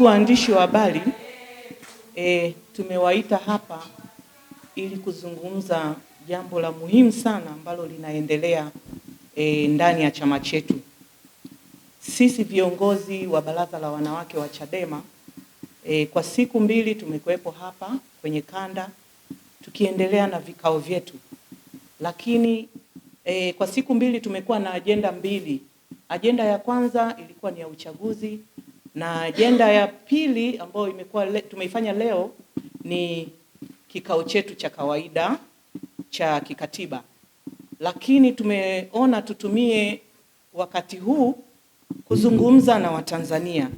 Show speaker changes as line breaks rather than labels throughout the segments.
Ndugu waandishi wa habari, e, tumewaita hapa ili kuzungumza jambo la muhimu sana ambalo linaendelea e, ndani ya chama chetu. Sisi viongozi wa baraza la wanawake wa Chadema e, kwa siku mbili tumekuwepo hapa kwenye kanda tukiendelea na vikao vyetu, lakini e, kwa siku mbili tumekuwa na ajenda mbili. Ajenda ya kwanza ilikuwa ni ya uchaguzi na ajenda ya pili ambayo imekuwa le, tumeifanya leo ni kikao chetu cha kawaida cha kikatiba, lakini tumeona tutumie wakati huu kuzungumza na Watanzania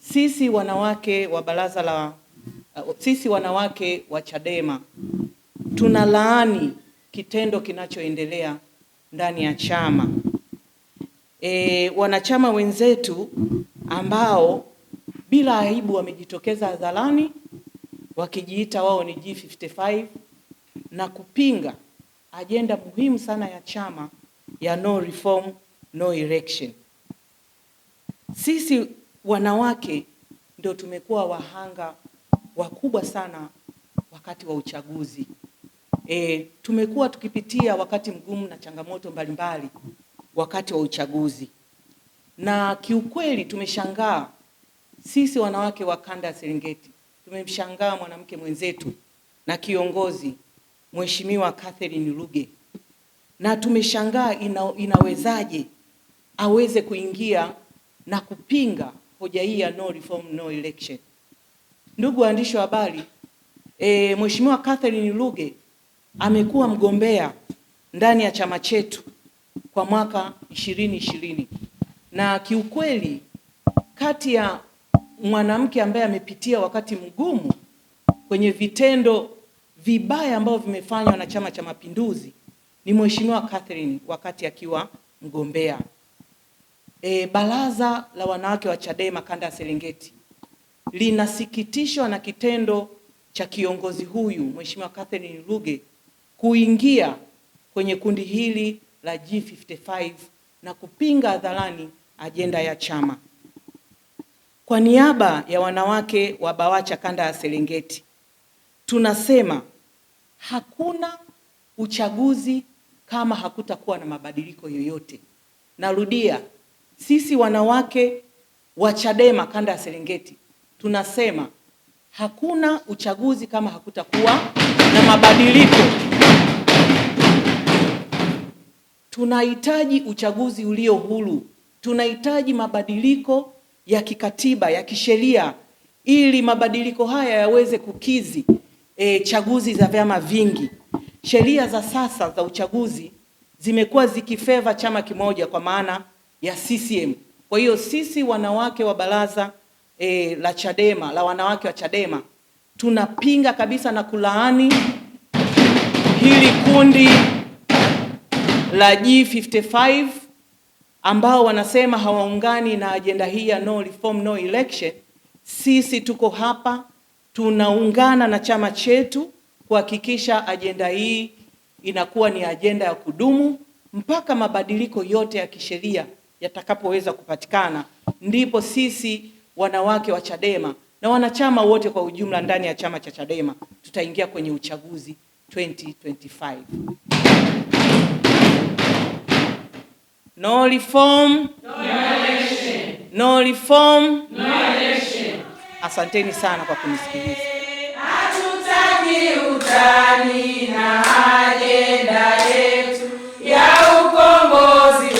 sisi wanawake wa baraza la uh, sisi wanawake wa Chadema tunalaani kitendo kinachoendelea ndani ya chama. E, wanachama wenzetu ambao bila aibu wamejitokeza hadharani wakijiita wao ni G55 na kupinga ajenda muhimu sana ya chama ya no reform no election. Sisi wanawake ndio tumekuwa wahanga wakubwa sana wakati wa uchaguzi. E, tumekuwa tukipitia wakati mgumu na changamoto mbalimbali wakati wa uchaguzi na kiukweli tumeshangaa sisi wanawake wa kanda ya Serengeti, tumemshangaa mwanamke mwenzetu na kiongozi Mheshimiwa Catherine Ruge, na tumeshangaa ina, inawezaje aweze kuingia na kupinga hoja hii ya no reform no election. Ndugu waandishi wa habari, e, Mheshimiwa Catherine Ruge amekuwa mgombea ndani ya chama chetu kwa mwaka ishirini ishirini na kiukweli, kati ya mwanamke ambaye amepitia wakati mgumu kwenye vitendo vibaya ambavyo vimefanywa na Chama cha Mapinduzi ni Mheshimiwa Catherine wakati akiwa mgombea. E, baraza la wanawake wa Chadema kanda ya Serengeti linasikitishwa na kitendo cha kiongozi huyu Mheshimiwa Catherine Ruge kuingia kwenye kundi hili la G55 na kupinga hadharani ajenda ya chama. Kwa niaba ya wanawake wa BAWACHA kanda ya Serengeti tunasema hakuna uchaguzi kama hakutakuwa na mabadiliko yoyote. Narudia, sisi wanawake wa CHADEMA kanda ya Serengeti tunasema hakuna uchaguzi kama hakutakuwa na mabadiliko. Tunahitaji uchaguzi ulio huru tunahitaji mabadiliko ya kikatiba ya kisheria ili mabadiliko haya yaweze kukizi e, chaguzi za vyama vingi. Sheria za sasa za uchaguzi zimekuwa zikifeva chama kimoja kwa maana ya CCM. Kwa hiyo sisi wanawake wa baraza e, la Chadema la wanawake wa Chadema tunapinga kabisa na kulaani hili kundi la G55 ambao wanasema hawaungani na ajenda hii ya no reform no election, sisi tuko hapa tunaungana na chama chetu kuhakikisha ajenda hii inakuwa ni ajenda ya kudumu mpaka mabadiliko yote ya kisheria yatakapoweza kupatikana. Ndipo sisi wanawake wa Chadema na wanachama wote kwa ujumla ndani ya chama cha Chadema tutaingia kwenye uchaguzi 2025. No reform,
no election.
No reform,
no election.
Asanteni sana kwa kunisikiliza. Hatutaki utani na ajenda yetu ya ukombozi.